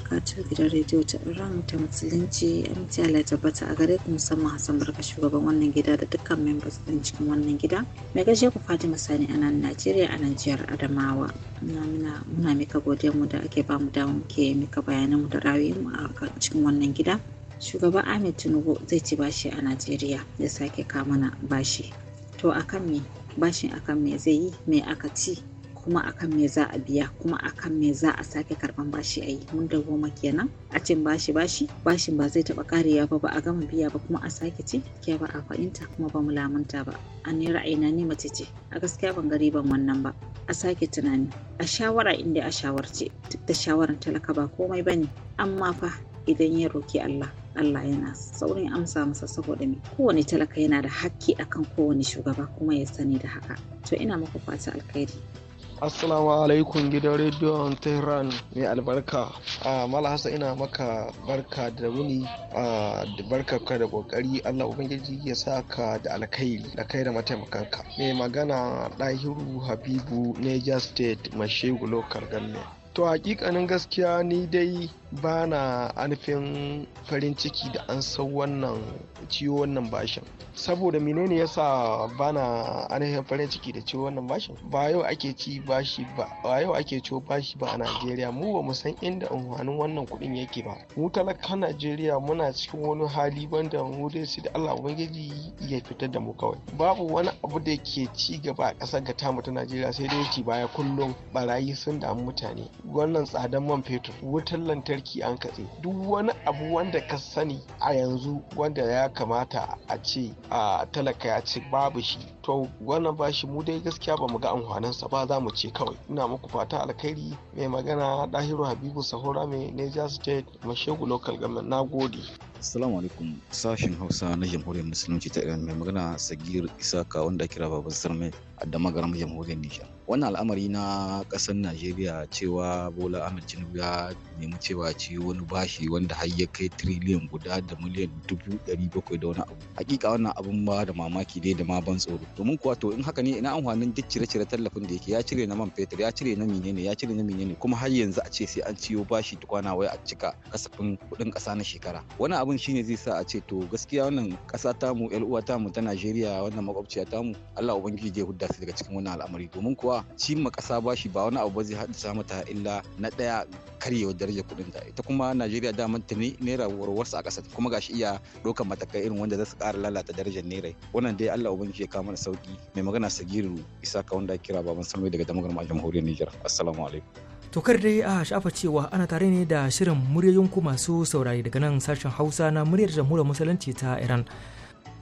gidan rediyo ta Iran ta musulunci amince Allah tabbata a gare ku musamman Hassan Barka shugaban wannan gida da dukkan members din cikin wannan gida. Mai gaishe ku Fatima Sani a nan Najeriya a nan Adamawa. Muna mika godiya mu da ake ba mu damu muke mika bayanan mu da rayuwar mu a cikin wannan gida. Shugaban Ahmed Tinubu zai ci bashi a Najeriya ya sake mana bashi. To akan me bashin akan me zai yi me aka ci kuma akan me za a biya kuma akan me za a sake karban bashi a yi mun dawoma kenan a cin bashi bashi bashin ba zai taba karewa ba ba a gama biya ba kuma a sake ci gaskiya ba a fahimta kuma ba mu lamunta ba a ni ra'ayina ni mace ce a gaskiya ban gari ban wannan ba a sake tunani a shawara inda a shawarce duk da shawaran talaka ba komai bane amma fa idan ya roki Allah Allah yana saurin amsa masa saboda me kowane talaka yana da hakki akan kowane shugaba kuma ya sani da haka to ina muku fata alkhairi assalamu alaikum gidan rediyon tehran mai albarka a ah, malahasa ina maka barka da wuni a ah, da barka ka da kokari allah ubangiji ya sa ka da alkhairi da kai da mataimakanka mai magana dahiru habibu niger state mashegu lokar ganne to hakikanin gaskiya ni dai ba na anfin farin ciki da an san wannan ciwo wannan bashin saboda menene yasa ba na ainihin farin ciki da ciwo wannan bashin ba yau ake ci bashi ba ciwo bashi ba a najeriya mu ba mu san inda amfanin wannan kuɗin yake ba mu talakan najeriya muna cikin wani hali banda mu dai sai da allah ubangiji ya fita da mu kawai babu wani abu da ke ci gaba a ƙasar ga tamu ta najeriya sai dai ci baya kullum barayi sun damu mutane wannan tsadan man fetur wutar lantarki aiki an katse duk wani abu wanda ka sani a yanzu wanda ya kamata a ce a talaka ya ce babu shi to wannan shi mu dai gaskiya ba mu ga amfaninsa ba za mu ce kawai ina muku fata alkhairi mai magana dahiru habibu sahura mai niger state mashegu local government na gode Assalamu alaikum sashen Hausa na Jamhuriyar Musulunci ta Iran mai magana Sagir Isaka wanda kira babban Sarme a damagaram Jamhuriyar Nijar. Wannan al'amari na ƙasar Najeriya cewa Bola Ahmed Tinubu ya nemi cewa ci wani bashi wanda har ya kai tiriliyan guda da miliyan dubu ɗari bakwai da wani abu. Hakika wannan abun ba da mamaki dai da ma ban tsoro. Domin kuwa to in haka ne ina amfanin duk cire-cire tallafin da yake ya cire na man fetur ya cire na menene ya cire na menene kuma har yanzu a ce sai an ciyo bashi tukwana wai a cika kasafin kuɗin ƙasa na shekara. Wani abin shine zai sa a ce to gaskiya wannan ƙasa mu yar uwa ta mu ta Najeriya wannan makwabciya mu Allah ubangiji zai hudda su daga cikin wannan al'amari domin kuwa shi ma ƙasa ba shi ba wani abu ba zai haddasa mata illa na ɗaya karyewa darajar kuɗin ta ita kuma Najeriya daman ta naira warwarsa a ƙasa kuma gashi iya ɗaukar matakai irin wanda za su ƙara lalata darajar naira wannan dai Allah ubangiji ya kawo mana sauki mai magana Sagiru Isaka wanda kira baban Salmai daga damar a jamhuriyar Nijar assalamu alaikum tokar dai a shafa cewa ana tare ne da shirin muryoyin ku masu saurari daga nan sashen hausa na muryar jamhuriyar musulunci ta iran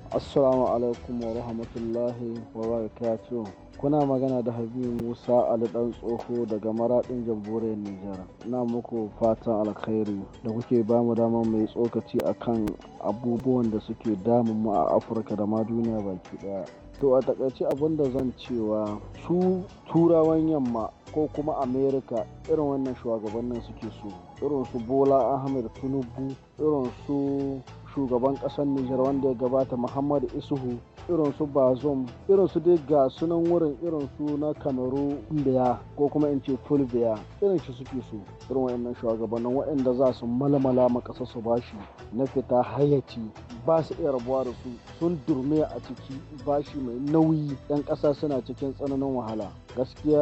assalamu alaikum wa rahmatullahi wa barakatuh kuna magana da habibu musa ali dan tsoho daga maradin jamhuriyar nijar na muku fatan alkhairi da kuke ba mu dama mai tsokaci akan abubuwan da suke damun mu a afirka da ma duniya baki daya to a takaice abin da zan cewa su turawan yamma ko kuma amerika irin wannan shugabannin suke so irin su bola ahmed tinubu irin su shugaban kasar nijar wanda ya gabata muhammadu isuhu irin su bazum irin su dai ga sunan wurin irin su na kamaru biya ko kuma in ce fulbiya irin shi suke so irin wa'annan shugabannin wa'anda za su malamala ma ƙasa su bashi na fita hayyaci ba su iya rabuwa da su sun durme a ciki bashi mai nauyi 'yan ƙasa suna cikin tsananin wahala gaskiya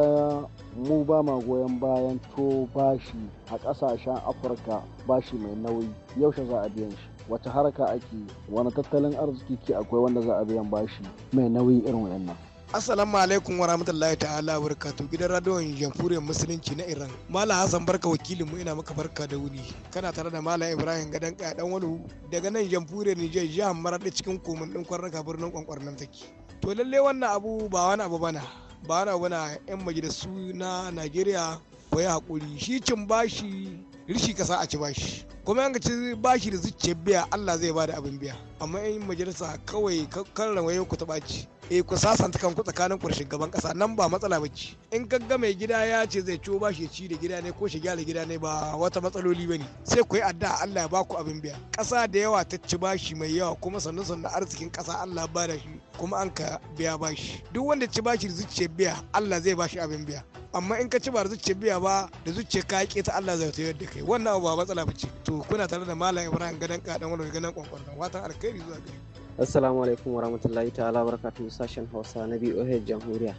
mu ba ma goyon bayan to bashi a ƙasashen afirka bashi mai nauyi yaushe za a biyan shi wata haraka ake wani tattalin arziki ke akwai wanda za a biyan bashi mai nauyi irin wannan. Assalamu alaikum wa rahmatullahi ta'ala wa barakatu gidan radiyon jamhuriyar musulunci na Iran. Mala Hassan barka wakilinmu ina maka barka da wuni. Kana tare da Mala Ibrahim gadan ka dan wani daga nan jamhuriyar Nijar jihar Maradi cikin komin din kwarnaka birnin kwankwar nan take. To lalle wannan abu ba wani abu bana. Ba wani abu bana yan majalisu na Najeriya ko ya hakuri. Shi cin bashi rishi kasa a ci bashi kuma yanka ci bashi da zuciya biya Allah zai bada abin biya amma in majalisa kawai kan rawaye ku taba ci eh ku sasanta kanku tsakanin ku shugaban kasa nan ba matsala bace in gagga mai gida ya ce zai ciwo bashi ci da gida ne ko shi gyara gida ne ba wata matsaloli bane sai ku yi addu'a Allah ya baku abin biya kasa da yawa ta ci bashi mai yawa kuma sannan sannan arzikin kasa Allah ya bada shi kuma an ka biya bashi duk wanda ci bashi da zuciya biya Allah zai bashi abin biya amma in ka ci ba da zuciya biya ba da zuciya ka yake ta Allah zai tayar da kai wannan abu ba matsala ba ce to kuna tare da malam Ibrahim gadan dan wani gadan kwankwandan watan alkhairi zuwa gare assalamu alaikum warahmatullahi ta'ala barakatuhu sashen Hausa na BOH Jamhuriya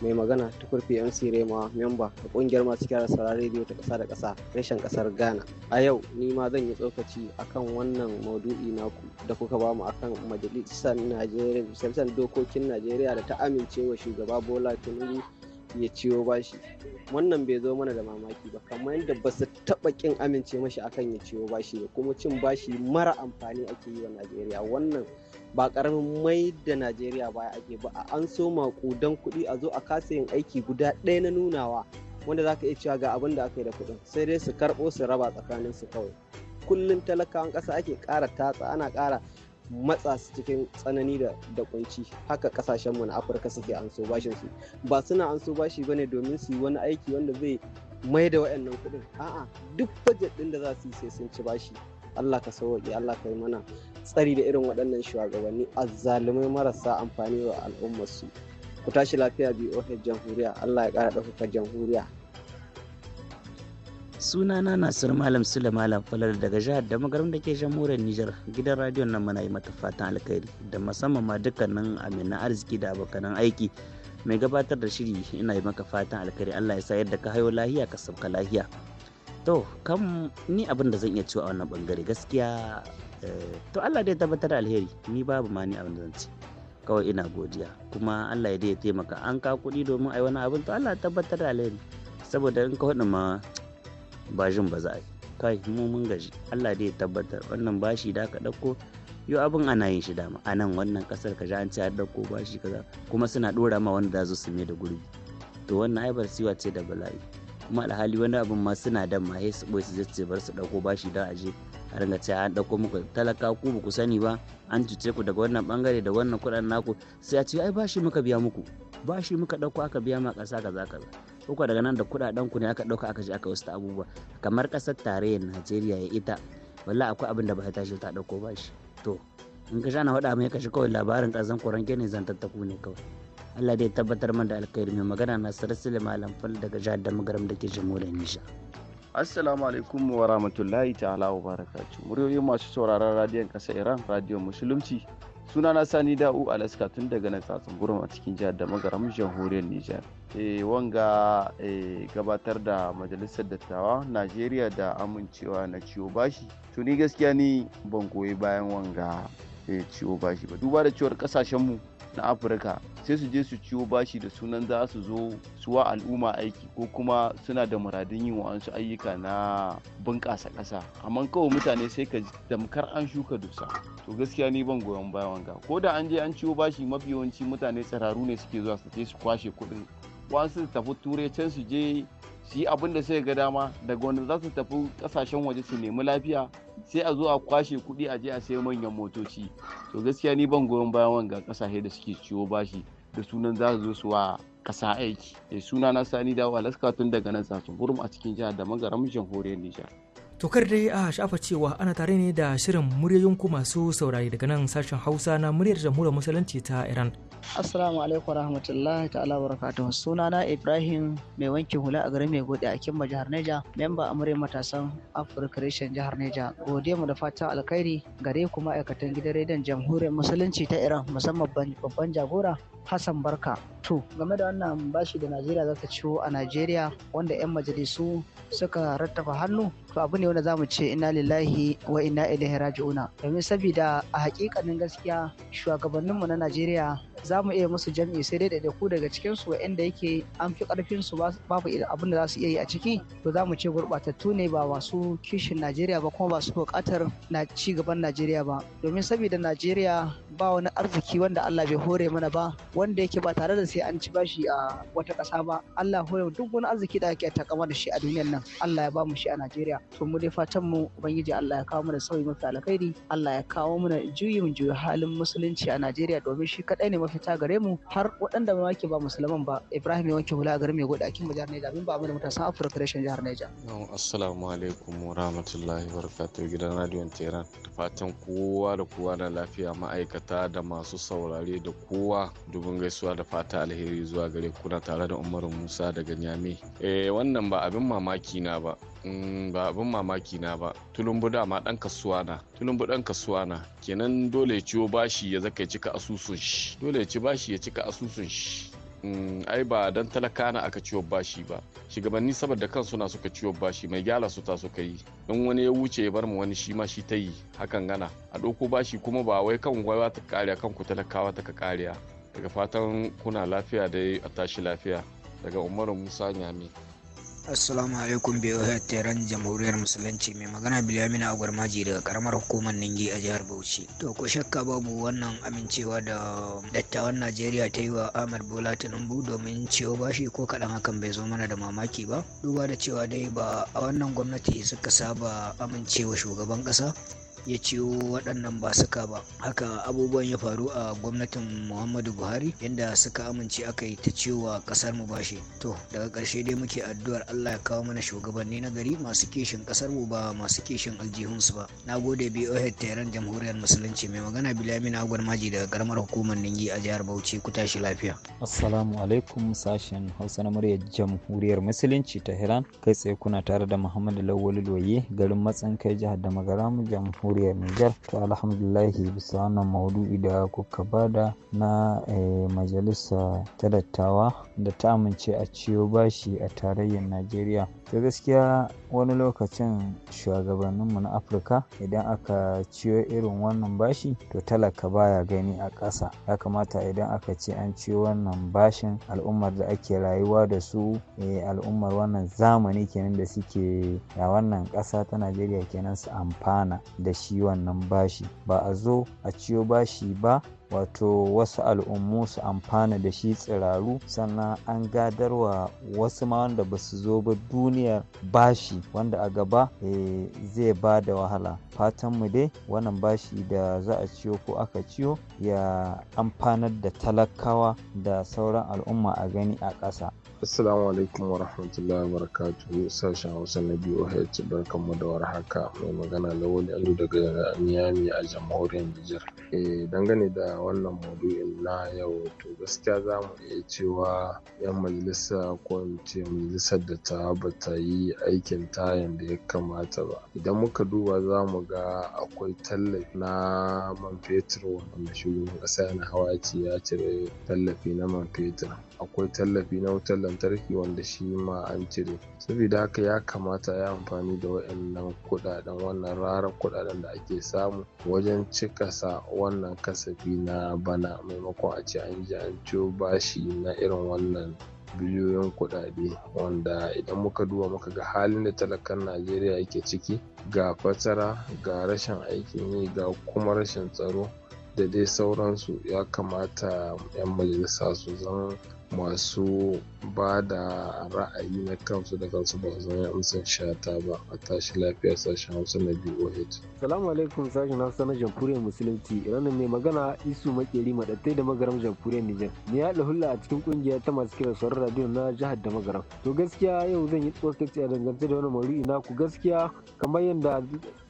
mai magana tukurfi MC Rema memba da kungiyar masu kyara sauraron rediyo ta ƙasa da ƙasa reshen ƙasar Ghana. A yau ni ma zan yi tsokaci akan wannan maudu'i naku da kuka ba mu akan majalisar Najeriya, dokokin Najeriya da ta amince wa shugaba Bola Tinubu ya ciwo bashi wannan bai zo mana da mamaki ba kamar yadda ba su taɓa ƙin amince mashi akan ya ciwo bashi ba kuma cin bashi mara amfani ake yi wa najeriya wannan ba karamin mai da najeriya baya ake ba an so maƙudan kuɗi a zo a kasa yin aiki guda ɗaya na nunawa wanda za ka iya cewa ga abin da aka yi da kuɗin sai dai su karɓo su raba tsakanin su kawai kullum talakawan ƙasa ake ƙara tatsa ana ƙara matsa su cikin tsanani da da kunci haka kasashen mu na afirka suke an so bashin su ba suna an so bashi bane domin su yi wani aiki wanda zai mai da wayannan kuɗin a'a duk budget din da za su yi sai sun ci bashi Allah ka sauƙi, Allah ka yi mana tsari da irin waɗannan shugabanni azzalumai marasa amfani wa al'ummarsu ku tashi lafiya biyu jamhuriya Allah ya ƙara ɗaukar jamhuriya sunana sir malam sule malam falar daga jihar da magaram da ke jamhuriyar nijar gidan radiyon nan muna yi mata fatan alkhairi da musamman ma dukkanin amina arziki da abokanan aiki mai gabatar da shiri ina yi maka fatan alkhairi allah ya sa yadda ka hayo lahiya ka sauka lahiya to kam ni abin da zan iya cewa a wannan bangare gaskiya eh, to allah dai tabbatar alheri ni babu ma ni abin da zan ce kawai ina godiya kuma allah ya dai taimaka an ka kuɗi domin a wani abin to allah tabbatar da alheri saboda in ka ma bashin ba za a yi kai mu mun gaji Allah dai ya tabbatar wannan bashi da ka dauko yo abin ana yin shi dama a nan wannan kasar ka an ce an dauko bashi kaza kuma suna dora ma wanda za su ne da gurbi to wannan aibar siwa ce da bala'i kuma alhali wani abin ma suna da ma su boye su zace bar su dauko bashi da aje a ringa ce an dauko muku talaka ku ba ku sani ba an cuce ku daga wannan bangare da wannan kudan naku sai a ce ai bashi muka biya muku bashi muka dauko aka biya ma kasa kaza kaza uku daga nan da kuɗaɗen ku ne aka ɗauka aka je aka wasu abubuwa kamar ƙasar tarayyar najeriya ya ita wallahi akwai abin da ba ta shi ta ɗauko ba shi to in ka shana wada mai kashi kawai labarin ƙasan kuranke ne tattaku ne kawai Allah dai tabbatar man da alkhairi mai magana na sarsile malam fal daga jihar damagaram da ke jamhuriyar Nijar. Assalamu alaikum wa rahmatullahi ta'ala wa barakatuh. muryoyi masu sauraron radiyon kasar Iran, radiyon Musulunci, suna na sani da'u alaska tun daga nan tsatsun gurum a cikin jihar da magaram jamhuriyar nijar e, wanga eh, gabatar da majalisar dattawa najeriya da amincewa na ciwo bashi tuni gaskiya ni ban goyi bayan wanga e, ciwo bashi ba duba da cewar kasashenmu na afirka sai su je su ciwo bashi da sunan za su zo suwa al'umma aiki ko kuma suna da muradin yin wa'ansu ayyuka na bunƙasa ƙasa amma kawai mutane sai ka damkar an shuka dusa to gaskiya ni ban goyon bayan wanga ko da an je an ciwo bashi mafi yawanci mutane tsiraru ne suke zuwa su je su kwashe kuɗin su tafi turai can su je su yi abin da sai ga dama daga wanda za su tafi kasashen waje su nemi lafiya sai a zo a kwashe kuɗi a je a sayi manyan motoci to gaskiya ni ban goyon bayan wanga kasashe da suke ciwo bashi da sunan za su zo su wa ƙasa aiki eh, suna na sani dawo alaska tun daga nan sasun a cikin jihar da magaram jamhuriyar nijar Tokar dai a shafa cewa ana tare ne da shirin muryoyin ku masu saurari daga nan sashen Hausa na muryar jamhuriyar musulunci ta Iran. Assalamu alaikum warahmatullahi ta'ala suna Sunana Ibrahim mai wanke hula a garin mai gode a Kimba jihar Neja, memba a muryar matasan Afirka reshen jihar Neja. Gode mu da fatan alkhairi gare ku ma'aikatan gidan rediyon jamhuriyar musulunci ta Iran musamman babban jagora Hassan Barka. To, game da wannan bashi da Najeriya za ta ciwo a Najeriya wanda 'yan majalisu suka rattafa hannu to abu ne wanda za mu ce ina lillahi wa inna ilaihi raji'una domin saboda a hakikanin gaskiya shugabanninmu na Najeriya za mu iya musu jam'i sai dai da ku daga cikin su inda yake an fi karfin su babu abin da za su iya yi a ciki to za mu ce gurɓatattu ne ba masu kishin Najeriya ba kuma ba su buƙatar na ci gaban Najeriya ba domin saboda Najeriya ba wani arziki wanda Allah bai hore mana ba wanda yake ba tare da sai an ci bashi a wata ƙasa ba Allah hore duk wani arziki da ake takama da shi a duniyar nan Allah ya ba mu shi a Najeriya to mu dai fatan mu ubangiji Allah ya kawo mana sauyi mafi alkhairi Allah ya kawo mana juyin juyin halin musulunci a Najeriya domin shi kadai ne mafita gare mu har waɗanda ma ke ba musulman ba Ibrahim ya wanke hula a garin mai goda akin jihar Niger min ba mu da matasan afro rashin jihar Niger assalamu alaikum wa rahmatullahi wa barakatuh gidan radiyon Tehran fatan kowa da kowa da lafiya ma'aikata da masu saurare da kowa dubin gaisuwa da fata alheri zuwa gare kuna tare da Umaru Musa daga Nyame eh wannan ba abin mamaki na ba Mm, ba abin mamaki na ba tulumbu dama dan kasuwa na tulumbu dan kasuwa na kenan dole ya ciwo bashi ya zaka cika asusun shi dole ya ci bashi ya cika asusun shi mm, ai ba dan talaka na aka ciwo bashi ba shugabanni saboda kansu na suka ciwo bashi mai gyala su ta suka yi in wani ya wuce ya bar mu wani shi ma shi ta yi hakan gana a ɗauko bashi kuma ba wai kan gwaiwa ta kariya kan ku talakawa ta ka kariya daga fatan kuna lafiya dai a tashi lafiya daga umaru musa nyami Assalamu alaikum hatta Tehran Jamhuriyar Musulunci mai magana Bilamina gwarmaji daga karamar hukumar Ningi a jihar Bauchi. To ko shakka babu wannan amincewa da dattawan Najeriya ta yi wa Ahmad Bola Tinubu domin ciwo bashi ko kaɗan hakan bai zo mana da mamaki ba. Duba da cewa dai ba a wannan gwamnati suka saba amincewa shugaban ƙasa ya ciwo waɗannan ba suka ba haka abubuwan ya faru a gwamnatin muhammadu buhari yadda suka amince aka yi ta cewa ƙasar mu bashi to daga ƙarshe dai muke addu'ar allah ya kawo mana shugabanni na gari masu kishin ƙasar mu ba masu kishin aljihunsu ba na gode boh tehran jamhuriyar musulunci mai magana bilamina agwar maji daga karamar hukumar ningi a jihar bauchi ku tashi lafiya assalamu alaikum sashen hausa na muryar jamhuriyar musulunci tehran kai tsaye kuna tare da muhammadu lawal waye garin matsan kai jihar da magaram jamhuriyar jamhuriyar niger To alhamdulahi bisa wannan maudu'i da kuka bada na eh, majalisa ta dattawa da ta amince a ciyo bashi a tarayyar Najeriya. ta gaskiya wani lokacin shugabanninmu na Afirka idan aka ciyo irin wannan bashi to talaka baya gani a ƙasa. Ya kamata idan aka ce an ciyo wannan bashin al'ummar da ake rayuwa da su eh, al'ummar wannan zamani kenan da suke a wannan ƙasa ta Najeriya kenan su amfana da shi wannan bashi. Ba a zo a ciyo bashi ba wato wasu al'ummu su amfana da shi tsiraru sannan an gadarwa wasu ma wanda ba su zo ba duniyar bashi wanda a gaba eh, zai ba da wahala fatan mu dai wannan bashi da za a ciyo ko aka ciyo ya amfanar da talakawa da sauran al'umma a gani a ƙasa Assalamu alaikum wa rahmatullahi wa barakatuhu sashen Hausa na BOH barkanmu da warhaka mai magana Lawali Alu daga Miami a jamhuriyar Nijar. Eh dangane da wannan maudu'in na yau to gaskiya za mu iya cewa yan majalisa ko in ce majalisar da ta ba ta yi aikin ta yadda ya kamata ba. Idan muka duba za mu ga akwai tallafi na man fetur wanda shugaban ƙasa yana hawa ya cire tallafi na man fetur. akwai tallafi na wutar lantarki wanda shi ma an cire saboda haka ya kamata ya amfani da waɗannan kuɗaɗen wannan rarar kuɗaɗen da ake samu wajen cikasa wannan kasafi na bana maimakon a ce an je an ciyo bashi na irin wannan biliyoyin kuɗaɗe wanda idan muka duba muka ga halin da talakan najeriya yake ciki ga fatara ga rashin aikin yi ga kuma rashin tsaro da dai sauransu ya kamata 'yan majalisa su zama masu ba da ra'ayi na kansu da kansu ba zan yi amsar shata ba a tashi lafiya sashen hausa na boh salamu alaikum sashen hausa na jamhuriyar musulunci iran mai magana isu makeri madattai da magaram jamhuriyar nijar ni ya da hulla a cikin kungiya ta masu kira sauran radio na jihar da magaram to gaskiya yau zan yi tsokaci a dangance da wani maudu'i na ku gaskiya kamar yadda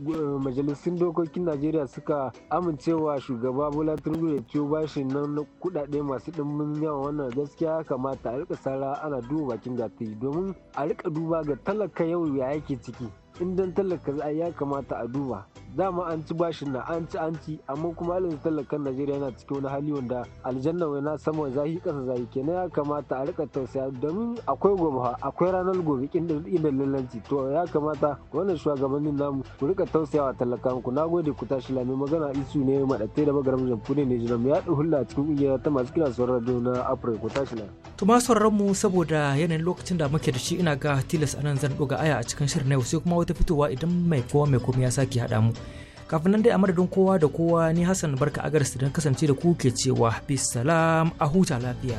eh, majalisun dokokin najeriya suka amincewa shugaba bola tinubu ya ciyo bashin nan na kuɗaɗe masu dimbin yawa wannan gaskiya ya kamata a rika sara ana duba bakin gatari domin a rika duba ga talaka yau ya yake ciki in dan tallaka za ya kamata a duba dama an ci bashin na an ci an ci amma kuma alin talakan najeriya yana cikin wani hali wanda aljanna wai na sama zahi kasa zahi kenan ya kamata a rika tausaya domin akwai gobe akwai ranar gobe inda lallanci to ya kamata wannan shugabannin namu ku rika tausayawa talakan ku na ku tashi lami magana isu ne madatai da magaram ne nijar mu yaɗa hulla a cikin ƙungiyar ta masu kira sauran radio na afirka ku tashi lami. to masu mu saboda yanayin lokacin da muke da shi ina ga tilas anan zan ɗoga aya a cikin shirin na yau sai kuma wata fitowa idan mai kowa mai komai ya sake haɗa mu kafin nan dai a madadin kowa da kowa ni hassan barka agarsu don kasance da ku ke cewa bisalam a huta lafiya.